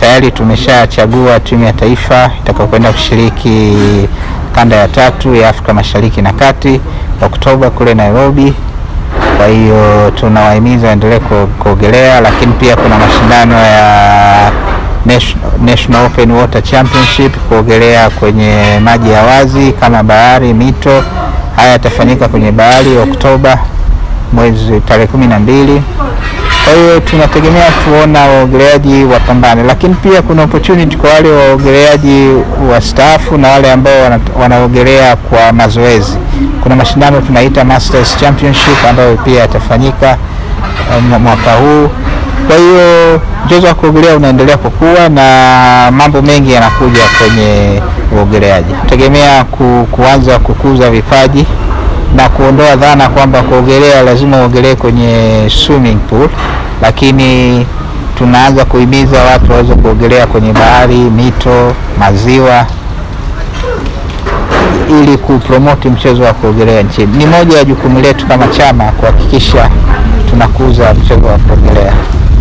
tayari tumeshachagua timu ya taifa itakayokwenda kushiriki kanda ya tatu ya Afrika Mashariki na Kati Oktoba kule Nairobi. Kwa hiyo tunawahimiza waendelee kuogelea, lakini pia kuna mashindano ya National Open Water Championship kuogelea kwenye maji ya wazi kama bahari, mito. Haya yatafanyika kwenye bahari Oktoba mwezi tarehe kumi na mbili. Kwa hiyo tunategemea kuona waogeleaji wapambane, lakini pia kuna opportunity kwa wale waogeleaji wastaafu na wale ambao wanaogelea kwa mazoezi. Kuna mashindano tunaita Masters Championship ambayo pia yatafanyika eh, mwaka huu. Kwa hiyo mchezo wa kuogelea unaendelea kukua na mambo mengi yanakuja kwenye uogeleaji. Tegemea ku, kuanza kukuza vipaji na kuondoa dhana kwamba kuogelea lazima uogelee kwenye swimming pool lakini tunaanza kuhimiza watu waweze kuogelea kwenye bahari, mito, maziwa ili kupromoti mchezo wa kuogelea nchini. Ni moja ya jukumu letu kama chama kuhakikisha tunakuza mchezo wa kuogelea.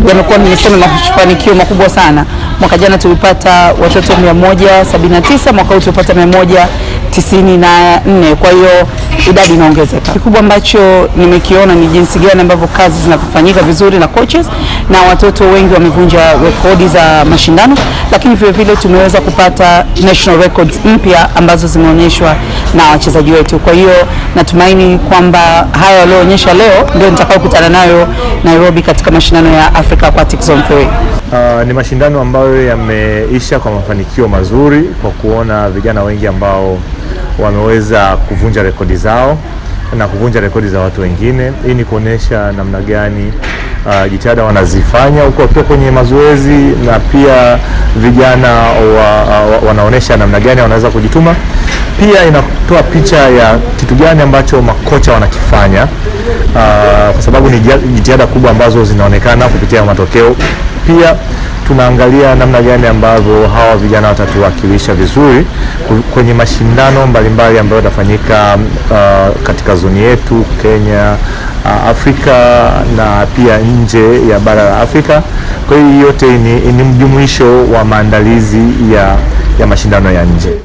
Yamekuwa ni mafanikio makubwa sana. Mwaka jana tulipata watoto 179, mwaka huu tulipata 194. Kwa hiyo idadi inaongezeka. Kikubwa ambacho nimekiona ni jinsi gani ambavyo kazi zinafanyika vizuri na coaches na watoto wengi wamevunja rekodi za mashindano, lakini vile vile tumeweza kupata national records mpya ambazo zimeonyeshwa na wachezaji wetu. Kwa hiyo natumaini kwamba haya walioonyesha leo ndio nitakaokutana nayo Nairobi katika mashindano ya Africa Aquatic Zone 3. Uh, ah, ni mashindano ambayo yameisha kwa mafanikio mazuri kwa kuona vijana wengi ambao wameweza kuvunja rekodi zao na kuvunja rekodi za watu wengine. Hii ni kuonesha namna gani uh, jitihada wanazifanya huko wakiwa kwenye mazoezi, na pia vijana wa, uh, wa, wanaonesha namna gani wanaweza kujituma. Pia inatoa picha ya kitu gani ambacho makocha wanakifanya, uh, kwa sababu ni jitihada kubwa ambazo zinaonekana kupitia matokeo pia tunaangalia namna gani ambavyo hawa vijana watatuwakilisha vizuri kwenye mashindano mbalimbali ambayo yatafanyika uh, katika zoni yetu Kenya, uh, Afrika na pia nje ya bara la Afrika. Kwa hiyo yote ni, ni mjumuisho wa maandalizi ya, ya mashindano ya nje.